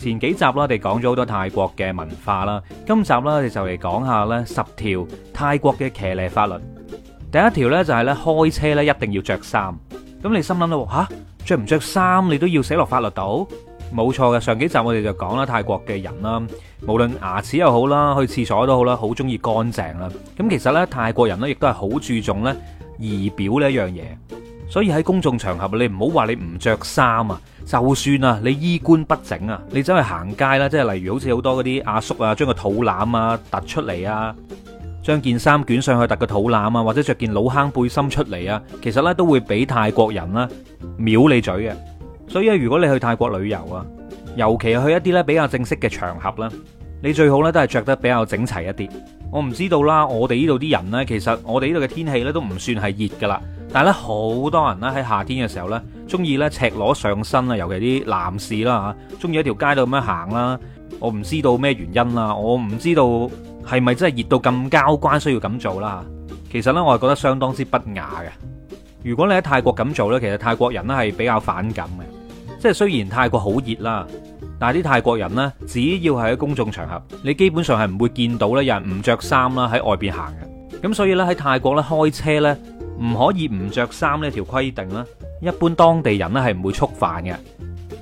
前幾集啦，我哋講咗好多泰國嘅文化啦。今集啦，我哋就嚟講下咧十條泰國嘅騎呢法律。第一條呢就係呢開車咧一定要着衫。咁你心諗啦，吓，着唔着衫你都要寫落法律度？冇錯嘅。上幾集我哋就講啦，泰國嘅人啦，無論牙齒又好啦，去廁所都好啦，好中意乾淨啦。咁其實呢，泰國人呢亦都係好注重呢儀表呢一樣嘢。所以喺公眾場合，你唔好話你唔着衫啊！就算啊，你衣冠不整啊，你走去行街啦，即係例如好似好多嗰啲阿叔啊，將個肚腩啊突出嚟啊，將件衫捲上去突個肚腩啊，或者着件老坑背心出嚟啊，其實呢都會俾泰國人啦藐你嘴嘅。所以如果你去泰國旅遊啊，尤其去一啲呢比較正式嘅場合啦，你最好呢都係着得比較整齊一啲。我唔知道啦，我哋呢度啲人呢，其實我哋呢度嘅天氣咧都唔算係熱噶啦，但係咧好多人咧喺夏天嘅時候呢，中意呢赤裸上身啊，尤其啲男士啦嚇，中意喺條街度咁樣行啦。我唔知道咩原因啦，我唔知道係咪真係熱到咁交關需要咁做啦。其實呢，我係覺得相當之不雅嘅。如果你喺泰國咁做呢，其實泰國人咧係比較反感嘅。即係雖然泰國好熱啦，但係啲泰國人呢，只要係喺公眾場合，你基本上係唔會見到咧，有人唔着衫啦喺外邊行嘅。咁所以咧喺泰國咧開車咧唔可以唔着衫呢條規定啦。一般當地人咧係唔會觸犯嘅。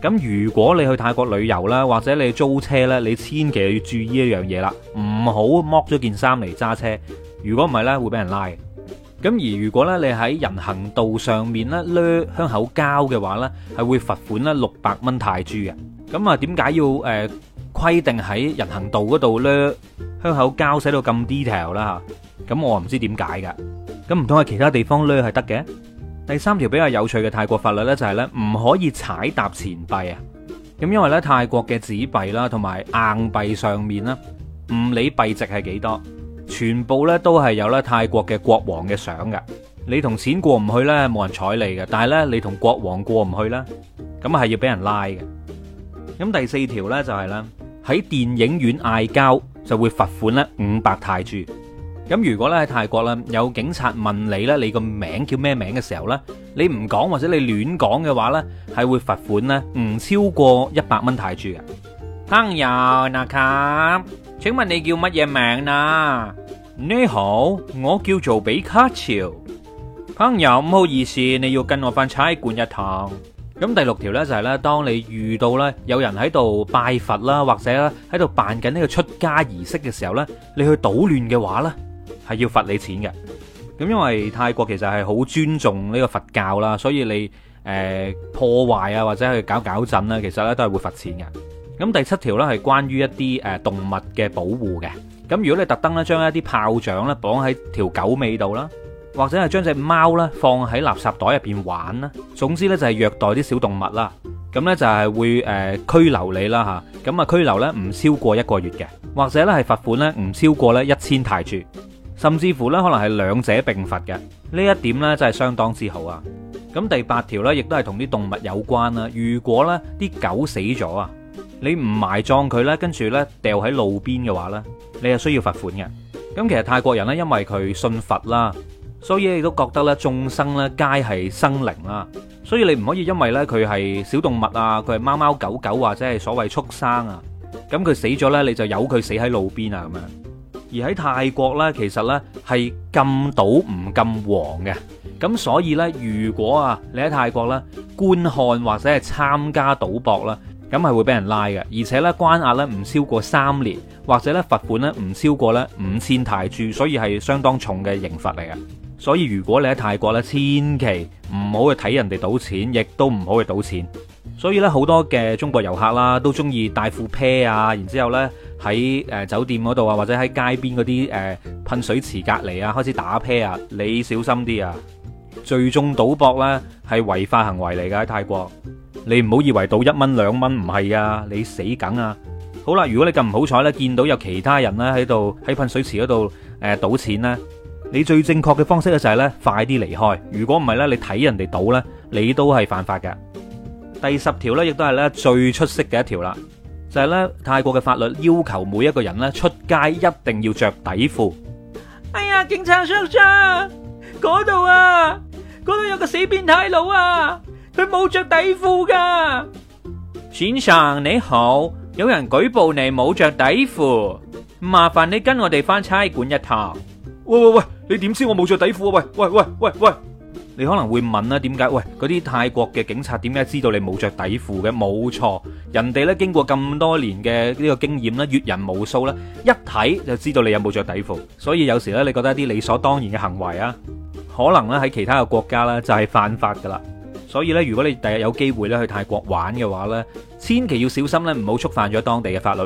咁如果你去泰國旅遊啦，或者你租車咧，你千祈要注意一樣嘢啦，唔好剝咗件衫嚟揸車。如果唔係咧，會俾人拉。咁而如果咧你喺人行道上面咧瀨香口膠嘅話呢，係會罰款咧六百蚊泰銖嘅。咁啊點解要誒呃、規定喺人行道嗰度瀨香口膠寫到咁 detail 啦嚇？咁我唔知點解嘅。咁唔通喺其他地方瀨係得嘅？第三條比較有趣嘅泰國法律呢，就係咧唔可以踩踏錢幣啊。咁因為呢，泰國嘅紙幣啦同埋硬幣上面呢，唔理幣值係幾多。全部咧都係有咧泰國嘅國王嘅相噶，你同錢過唔去咧冇人睬你嘅，但係咧你同國王過唔去啦，咁係要俾人拉嘅。咁第四條咧就係咧喺電影院嗌交就會罰款咧五百泰銖。咁如果咧喺泰國啦有警察問你咧，你個名叫咩名嘅時候咧，你唔講或者你亂講嘅話咧係會罰款咧唔超過一百蚊泰銖嘅。哼呀，納卡。請問你叫乜嘢名啊？你好，我叫做比卡潮。朋友唔好意思，你要跟我返差館。一趟。咁第六條咧就係咧，當你遇到咧有人喺度拜佛啦，或者咧喺度辦緊呢個出家儀式嘅時候咧，你去搗亂嘅話咧，係要罰你錢嘅。咁因為泰國其實係好尊重呢個佛教啦，所以你誒破壞啊，或者去搞搞震啦，其實咧都係會罰錢嘅。咁第七條咧係關於一啲誒動物嘅保護嘅。咁如果你特登咧將一啲炮仗咧綁喺條狗尾度啦，或者係將隻貓咧放喺垃圾袋入邊玩啦，總之咧就係虐待啲小動物啦。咁咧就係會誒拘留你啦嚇，咁啊拘留咧唔超過一個月嘅，或者咧係罰款咧唔超過咧一千泰銖，甚至乎咧可能係兩者並罰嘅。呢一點咧真係相當之好啊！咁第八條咧亦都係同啲動物有關啦。如果咧啲狗死咗啊～你唔埋葬佢呢，跟住呢掉喺路邊嘅話呢，你係需要罰款嘅。咁其實泰國人呢，因為佢信佛啦，所以你都覺得呢，眾生呢，皆係生靈啦，所以你唔可以因為呢，佢係小動物啊，佢係貓貓狗狗或者係所謂畜生啊，咁佢死咗呢，你就由佢死喺路邊啊咁樣。而喺泰國呢，其實呢，係禁賭唔禁黃嘅，咁所以呢，如果啊你喺泰國呢，觀看或者係參加賭博啦。咁係會俾人拉嘅，而且咧關押咧唔超過三年，或者咧罰款咧唔超過咧五千泰銖，所以係相當重嘅刑罰嚟嘅。所以如果你喺泰國咧，千祈唔好去睇人哋賭錢，亦都唔好去賭錢。所以咧好多嘅中國遊客啦，都中意帶副啤啊，然之後咧喺誒酒店嗰度啊，或者喺街邊嗰啲誒噴水池隔離啊，開始打啤啊，你小心啲啊！聚眾賭博咧係違法行為嚟嘅喺泰國。你唔好以為賭一蚊兩蚊唔係啊，你死梗啊！好啦，如果你咁唔好彩咧，見到有其他人咧喺度喺噴水池嗰度誒賭錢咧，你最正確嘅方式咧就係咧快啲離開。如果唔係咧，你睇人哋賭咧，你都係犯法嘅。第十條咧，亦都係咧最出色嘅一條啦，就係咧泰國嘅法律要求每一個人咧出街一定要着底褲。哎呀，警察叔叔，嗰度啊，嗰度有個死變態佬啊！佢冇着底褲噶，先生你好，有人舉報你冇着底褲，麻煩你跟我哋翻差館一趟。喂喂喂，你點知我冇着底褲啊？喂喂喂喂喂，你可能會問啦，點解？喂，嗰啲泰國嘅警察點解知道你冇着底褲嘅？冇錯，人哋咧經過咁多年嘅呢個經驗咧，閱人無數啦，一睇就知道你有冇着底褲。所以有時咧，你覺得一啲理所當然嘅行為啊，可能咧喺其他嘅國家啦就係犯法噶啦。所以咧，如果你第日有機會咧去泰國玩嘅話咧，千祈要小心咧，唔好觸犯咗當地嘅法律。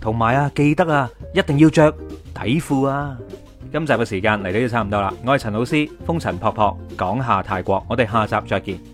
同埋啊，記得啊，一定要着底褲啊！今集嘅時間嚟到就差唔多啦，我係陳老師，風塵僕僕，講下泰國，我哋下集再見。